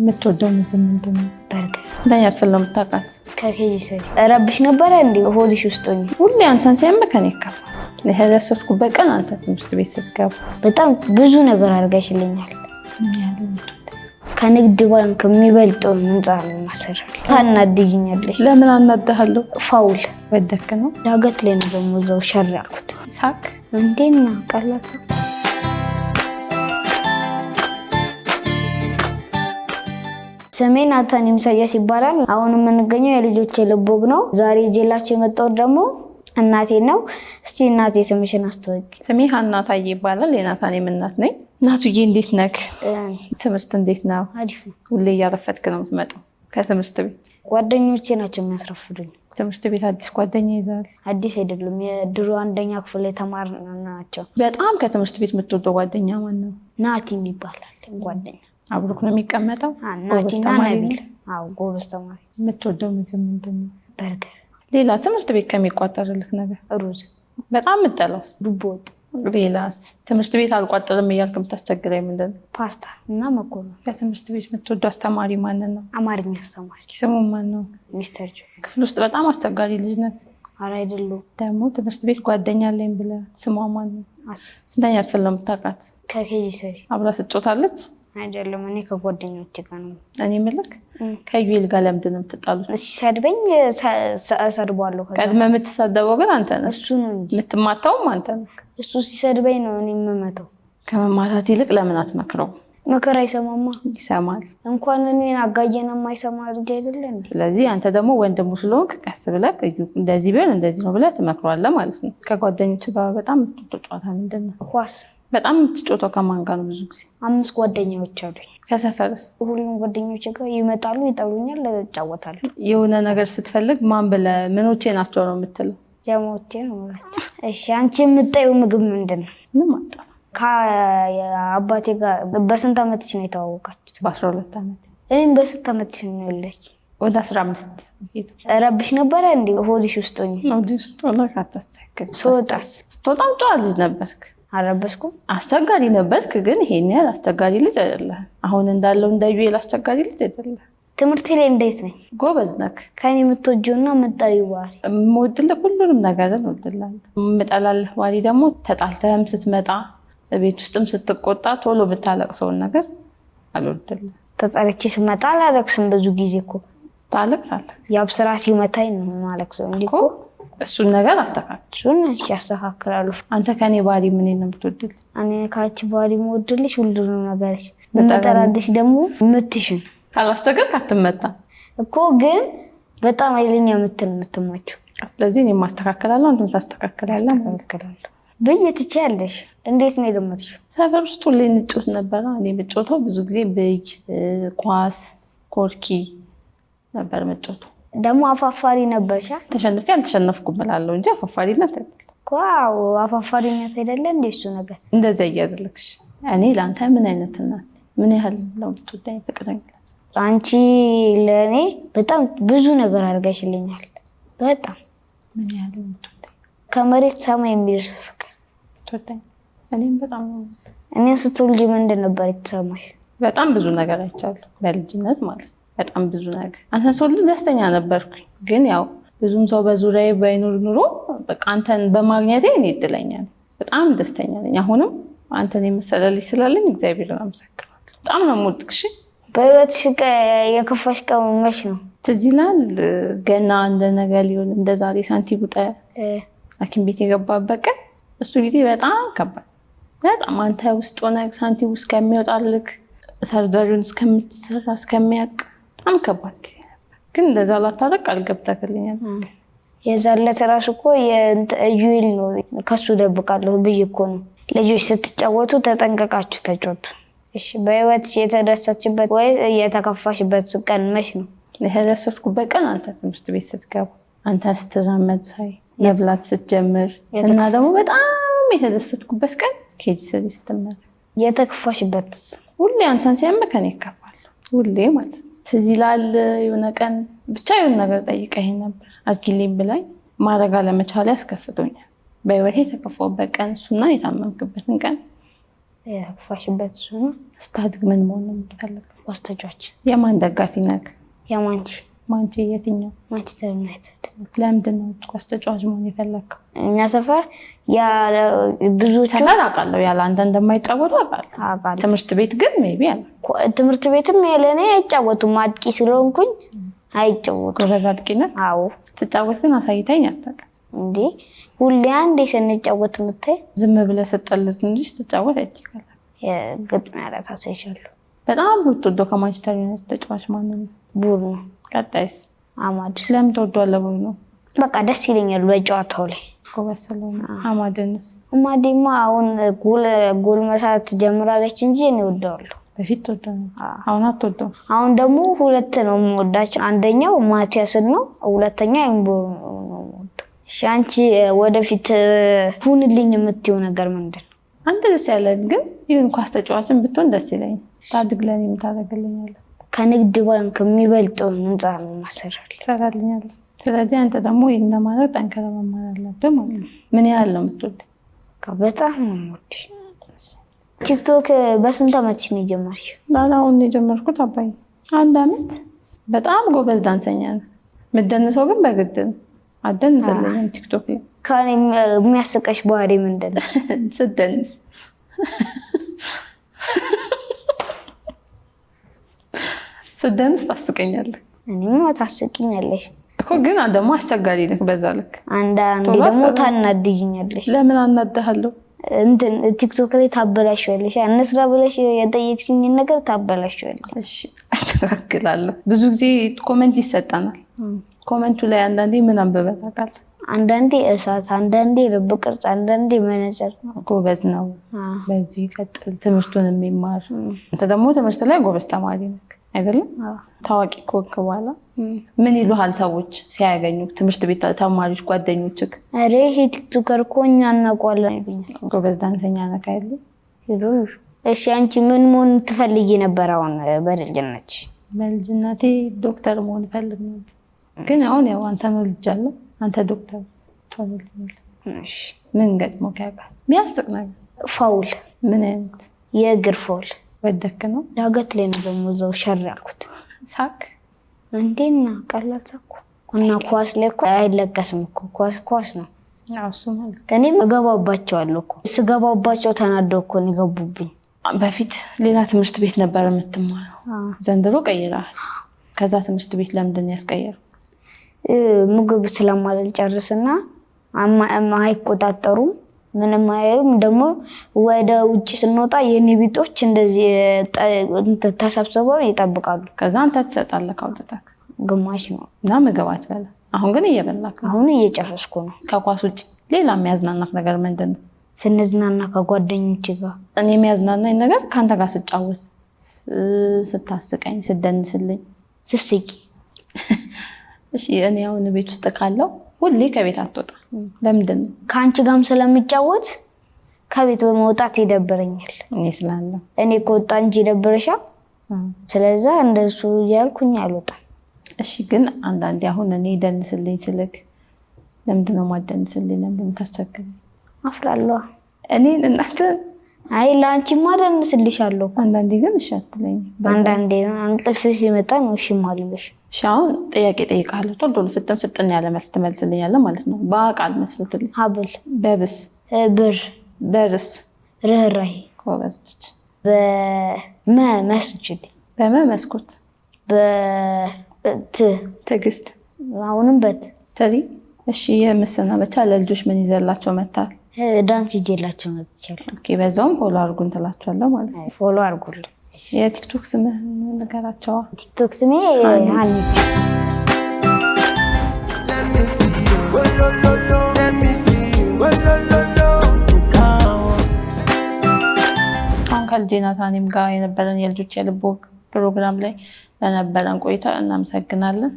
የምትወደው ምግብ ምንድን ነው? በርገር። ስንተኛ ክፍል ነው የምታውቃት? ከኬጂ ስሪ። ረብሽ ነበረ እንዲ ሆዲሽ ውስጥ ሆኜ ሁሌ አንተን ሲያመ ከኔ ይከፋ የደረሰስኩበት ቀን አንተ ትምህርት ቤት ስትገባ በጣም ብዙ ነገር አድርጋሽልኛል። ከንግድ ባንክ የሚበልጠውን ህንፃ ነው ማሰራል። ታናድጅኛለሽ። ለምን አናድሃለሁ? ፋውል ወደክ ነው ዳገት ላይ ነው ደግሞ እዛው ሸር ያልኩት ሳክ እንዴና ቀላት ነው ስሜ ናታን የሚሳያስ ይባላል። አሁን የምንገኘው የልጆች የልቦግ ነው። ዛሬ ጄላቸው የመጣሁት ደግሞ እናቴ ነው። እስቲ እናቴ ስምሽን አስተወቂ። ስሜ ሀናታዬ ይባላል። የናታን የምናት ነኝ። እናቱዬ እንዴት ነክ? ትምህርት እንዴት ነው? አሪፍ ነው። ሁሌ እያረፈትክ ነው የምትመጣው ከትምህርት ቤት? ጓደኞቼ ናቸው የሚያስረፍዱኝ። ትምህርት ቤት አዲስ ጓደኛ ይዛል? አዲስ አይደሉም፣ የድሮ አንደኛ ክፍል የተማር ናቸው። በጣም ከትምህርት ቤት የምትወደው ጓደኛ ማን ነው? ናቲ ይባላል ጓደኛ አብሮክ ነው የሚቀመጠው። ጎበዝ ተማሪ። የምትወደው ምግብ ምንድን ነው? በርገር። ሌላ ትምህርት ቤት ከሚቋጠርልክ ነገር? ሩዝ። በጣም የምጠላው ዱቦ ወጥ። ሌላስ? ትምህርት ቤት አልቋጠርም እያልክ የምታስቸግረኝ ምንድን ነው? ፓስታ እና መኮረን። ከትምህርት ቤት የምትወደው አስተማሪ ማን ነው? አማርኛ አስተማሪ። ስሙ ማን ነው? ሚስተር ጆ። ክፍል ውስጥ በጣም አስቸጋሪ ልጅ ነህ? ኧረ አይደለሁም። ደግሞ ትምህርት ቤት ጓደኛ አለኝ ብለህ ስሟ ማን ነው? ስንተኛ ክፍል ነው የምታውቃት? ከኬጂ ሰሪ። አብራ ትጫወታለች? አይደለም እኔ ከጓደኞች ጋር ነው። እኔ የምልክ ከዩል ጋር ለምንድን ነው የምትጣሉት? ሲሰድበኝ እሰድባለሁ። ቀድመህ የምትሰደበው ግን አንተ ነህ። እሱ ነው እንጂ የምትማታውም አንተ ነህ። እሱ ሲሰድበኝ ነው እኔ የምመታው። ከመማታት ይልቅ ለምን አትመክረው? መከራ አይሰማማ። ይሰማል። እንኳን እኔን አጋየነ የማይሰማ ልጅ አይደለም። ስለዚህ አንተ ደግሞ ወንድሙ ስለሆንክ ቀስ ብለህ እንደዚህ ቢሆን እንደዚህ ነው ብለህ ትመክረዋለህ ማለት ነው። ከጓደኞች ጋር በጣም የምትወደው ጨዋታ ምንድን ነው? ኳስ በጣም የምትጫወተው ከማን ጋር ነው? ብዙ ጊዜ አምስት ጓደኛዎች አሉኝ። ከሰፈርስ? ሁሉም ጓደኞች ጋር ይመጣሉ፣ ይጠሩኛል፣ እጫወታለሁ። የሆነ ነገር ስትፈልግ ማን ብለህ ምኖቼ ናቸው ነው የምትለው? ጀሞቼ ነው የምላቸው። እሺ፣ አንቺ የምጠይው ምግብ ምንድን ነው? ምንም አጣ። ከአባቴ ጋር በስንት ዓመትሽ ነው የተዋወቃችሁት? በአስራ ሁለት ዓመት እኔም በስንት ዓመትሽ ነው ያለች? ወደ አስራ አምስት ረብሽ ነበረ እንዲ ሆድሽ ውስጥ ሆኜ ሆድሽ ውስጥ ሆነ ካታስተካከል ስትወጣ ስትወጣም ጨዋ ልጅ ነበርክ አለበስኩም አስቸጋሪ ነበርክ፣ ግን ይሄን ያህል አስቸጋሪ ልጅ አይደለ። አሁን እንዳለው እንደ ዩኤል አስቸጋሪ ልጅ አይደለ። ትምህርት ላይ እንዴት ነኝ? ጎበዝ ነክ። ከኔ የምትወጂውና መጣዩ ባህሪ የምወድልህ ሁሉንም ነገር እወድልሃለሁ። የምጠላልህ ባህሪ ደግሞ ተጣልተህም ስትመጣ ቤት ውስጥም ስትቆጣ ቶሎ የምታለቅሰውን ነገር አልወድልህ። ተጣልቼ ስመጣ አላለቅስም። ብዙ ጊዜ እኮ ታለቅሳለህ። ያው ስራ ሲመታኝ ነው የማለቅሰው እንጂ እኮ እሱን ነገር አስተካክል። እሺ አስተካክላለሁ። አንተ ከኔ ባህሪ ምን ነው የምትወድል? እኔ ካንቺ ባህሪ የምወድልሽ ሁሉንም ነገርሽ፣ የምጠላልሽ ደግሞ ምትሽን። ካላስተገርክ አትመጣም እኮ ግን በጣም አይለኛ ምትል የምትሞችው። ስለዚህ እኔ ማስተካከላለሁ፣ አንተም ታስተካክላለህ። ብይ ትችያለሽ። እንዴት ነው የለመድሽው? ሰፈር ውስጥ ሁሌ እንጫወት ነበረ። እኔ የምጫወተው ብዙ ጊዜ ብይ፣ ኳስ፣ ኮርኪ ነበር የምጫወተው ደግሞ አፋፋሪ ነበርሻ። ተሸንፌ አልተሸነፍኩም እላለሁ እንጂ አፋፋሪነት አይደለም አፋፋሪነት አይደለ እንደ እሱ ነገር እንደዚያ እያዝልክሽ። እኔ ለአንተ ምን አይነት እናት፣ ምን ያህል ለምትወዳኝ ፍቅረኛ። አንቺ ለእኔ በጣም ብዙ ነገር አድርጋሽልኛል። በጣም ምን ያህል ምትወዳኝ ከመሬት ሰማይ የሚደርስ ፍቅር ትወዳኝ። እኔም በጣም እኔ ስትወልጂ ምንድን ነበር የተሰማሽ? በጣም ብዙ ነገር አይቻለሁ በልጅነት ማለት ነው በጣም ብዙ ነገር አንተን ስወልድ ደስተኛ ነበርኩኝ። ግን ያው ብዙም ሰው በዙሪያ ባይኖር ኑሮ በቃ አንተን በማግኘቴ እኔ እድለኛ በጣም ደስተኛ ነኝ። አሁንም አንተን የመሰለ ልጅ ስላለኝ እግዚአብሔርን አመሰግናለሁ። በጣም ነው የምወድቅሽ። በህይወትሽ የከፋሽ ቀን መች ነው? ትዝ ይላል ገና እንደ ነገ ሊሆን እንደ ዛሬ ሳንቲም ውጠ ሐኪም ቤት የገባበት ቀን እሱ ጊዜ በጣም ከባድ በጣም አንተ ውስጥ ሆነ ሳንቲ ውስጥ ከሚወጣልክ ሰርጀሪውን እስከምትሰራ እስከሚያቅ በጣም ከባድ ጊዜ ነበር፣ ግን እንደዛ ላታረቅ አልገብተክልኛል የዛለት ራሱ እኮ ዩል ነው ከሱ ደብቃለሁ ብዬ እኮ ነው። ልጆች ስትጫወቱ ተጠንቀቃችሁ ተጫወቱ። እሺ በህይወት የተደሰችበት ወይ የተከፋሽበት ቀን መች ነው? የተደሰትኩበት ቀን አንተ ትምህርት ቤት ስትገባ አንተ ስትራመድ ሳይ መብላት ስትጀምር እና ደግሞ በጣም የተደሰትኩበት ቀን ኬጅ ስሪ ስትመር። የተከፋሽበት ሁሌ አንተን ሲያመከን ይከፋል ሁሌ ማለት ነው ትዝ ይላል የሆነ ቀን ብቻ የሆነ ነገር ጠይቀኝ ነበር አድርጊልኝ ብላኝ ማድረግ ለመቻል ያስከፍቶኛል። በህይወቴ የተከፋሁበት ቀን እሱና የታመምክበትን ቀን የተከፋሽበት እሱ ስታድግ ምን መሆን ነው የምትፈልገው? የማን ደጋፊ ነክ የማንች ማንቺ የትኛው? ማንቸስተር ዩናይትድ። ለምንድን ነው እግር ኳስ ተጫዋች መሆን የፈለግከው? እኛ ሰፈር ብዙ ተፈር አውቃለሁ፣ ያለ አንተ እንደማይጫወቱ አውቃለሁ። ትምህርት ቤት ግን ሜይ ቢ ትምህርት ቤትም ለእኔ አይጫወቱም፣ አጥቂ ስለሆንኩኝ አይጫወቱም። ጎበዝ አጥቂ ነህ? አዎ። ስትጫወት ግን አሳይተኝ አታውቅም። እንዴ ሁሌ አንዴ ስንጫወት የምታይ ዝም ብለህ ስጠልዝ እንጂ ስትጫወት አይቻላል። ግጥሚያ ላታሳይሻለሁ። በጣም ብትወደው ከማንቸስተር ዩናይትድ ተጫዋች ማን ነው? ቡሩ ቀጣይስ አማድ ለምን ተወዷለ? ቡሩ ነው በቃ ደስ ይለኛል በጨዋታው ላይ ጎበሰለኝ። አማድንስ አማዴማ አሁን ጎል መሳት ጀምራለች እንጂ እኔ ወደዋለሁ። በፊት ተወደ አሁን አትወደው። አሁን ደግሞ ሁለት ነው የምወዳቸው፣ አንደኛው ማቲያስን ነው፣ ሁለተኛ ቡሩ ነው። እሺ አንቺ ወደፊት ሁንልኝ የምትይው ነገር ምንድን ነው? አንተ ደስ ያለን ግን ይሁን ኳስ ተጫዋችን ብትሆን ደስ ይለኝ። ስታድግ ለኔ የምታደርግልኝ አለ ከንግድ ባንክ የሚበልጠውን ህንፃ ነው ማሰራል ይሰራልኛል። ስለዚህ አንተ ደግሞ ይህን ለማድረግ ጠንከረ መማር አለብህ ማለት ነው። ምን ያህል ነው ምትወድ? በጣም ነው የምወድ። ቲክቶክ በስንት አመት ነው የጀመርሽ? ላላሁን የጀመርኩት አባይ አንድ አመት። በጣም ጎበዝ ዳንሰኛ ነው የምትደንሰው፣ ግን በግድ ነው አትደንስልኝም። ቲክቶክ ላይ ከኔ የሚያስቀሽ ባህሪ ምንድን ነው? ስትደንስ ስደንስ ታስቀኛለህ። እኔማ ታስቀኛለሽ እኮ ግን ደግሞ አስቸጋሪ ነህ በዛ ልክ። አንዳንዴ ደግሞ ለምን አናድሃለሁ? እንትን ቲክቶክ ላይ ታበላሽዋለሽ። እንስራ ብለሽ የጠየቅሽኝን ነገር ታበላሽዋለሽ። አስተካክላለሁ። ብዙ ጊዜ ኮመንት ይሰጠናል። ኮመንቱ ላይ አንዳንዴ ምን አንብበን አንዳንዴ እሳት፣ አንዳንዴ ልብ ቅርጽ፣ አንዳንዴ መነጽር። ጎበዝ ነው፣ በዚሁ ይቀጥል። ትምህርቱን የሚማር አንተ ደግሞ ትምህርት ላይ ጎበዝ ተማሪ ነህ። አይደለም ታዋቂ ከሆንክ በኋላ ምን ይሉሃል ሰዎች ሲያገኙ? ትምህርት ቤት ተማሪዎች፣ ጓደኞችህ ኧረ ይሄ ቲክቶከር እኮ እኛ እናውቀዋለን ይሉኛል። ጎበዝ ዳንሰኛ ነህ አይሉ እሺ አንቺ ምን መሆን ትፈልጊ ነበር? አሁን በልጅነት በልጅነቴ ዶክተር መሆን ፈልግ ነበር፣ ግን አሁን ያው አንተ አንተን ወልጃለሁ። አንተ ዶክተር ትሆንልኝ። ምን ገጥሞ ያውቃል? የሚያስቅ ነገር ፋውል። ምን አይነት የእግር ፋውል ወደክ ነው ዳገት ላይ ነው ደግሞ እዛው ሸር ያልኩት ሳክ እንዴና ቀላል ሳኩ እና ኳስ ላይ እኮ አይለቀስም እኮ ኳስ ኳስ ነው። እኔም እገባባቸዋለሁ እኮ ስገባባቸው ተናደው እኮ ነው በፊት ሌላ ትምህርት ቤት ነበር የምትማረው፣ ዘንድሮ ቀይረሃል። ከዛ ትምህርት ቤት ለምንድን ያስቀየሩ? ምግብ ስለማልጨርስና አይቆጣጠሩም ምንም አያዩም። ደግሞ ወደ ውጭ ስንወጣ የኔ ቢጦች እንደዚህ ተሰብስበው ይጠብቃሉ። ከዛ አንተ ትሰጣለህ ካውጥታክ ግማሽ ነው እና ምግብ አትበላ። አሁን ግን እየበላክ አሁን እየጨረስኩ ነው። ከኳስ ውጭ ሌላ የሚያዝናናክ ነገር ምንድን ነው? ስንዝናና ከጓደኞች ጋር እኔ የሚያዝናናኝ ነገር ከአንተ ጋር ስጫወት፣ ስታስቀኝ፣ ስደንስልኝ፣ ስስቂ። እሺ እኔ አሁን ቤት ውስጥ ካለው ሁሌ ከቤት አትወጣ። ለምንድን ነው? ከአንቺ ጋርም ስለምጫወት ከቤት በመውጣት ይደብረኛል። እኔ ስላለ እኔ ከወጣ እንጂ ይደብረሻል። ስለዛ እንደሱ እያልኩኝ አልወጣም። እሺ ግን አንዳንዴ አሁን እኔ ደንስልኝ ስልክ ለምንድን ነው ማደንስልኝ? ለምንድን ታስቸግረኝ? አፍራለዋ እኔን እናትን አይ ለአንቺማ ደንስልሻለሁ። አንዳንዴ ግን እሺ አትለኝ። አንዳንዴ እንቅልፍ ሲመጣ ነው እሺ የማልልሽ። እሺ አሁን ጥያቄ እጠይቅሃለሁ። ቶሎ ፍጥን ፍጥን ያለ መልስ ትመልስልኛለህ ማለት ነው። በቃል መስልትልኝ። ሀብል፣ በብስ፣ ብር፣ በርስ፣ ርኅራኄ። ኮበዝች በመ መስችል በመ መስኮት፣ በት ትዕግስት፣ አሁንም በት ትሪ። እሺ የምሰና ምስና ብቻ ለልጆች ምን ይዘላቸው መታል ዳንስ ይዤላቸው መጥቻለሁ። በዛውም ፎሎ አርጉን ትላቸዋለሁ ማለት ነው። ፎሎ አድርጉልን። የቲክቶክ ስምህ ነገራቸዋ። ቲክቶክ ስሜ አሁን ከልጄ ናታኔም ጋር የነበረን የልጆች የልቦ ፕሮግራም ላይ ለነበረን ቆይታ እናመሰግናለን።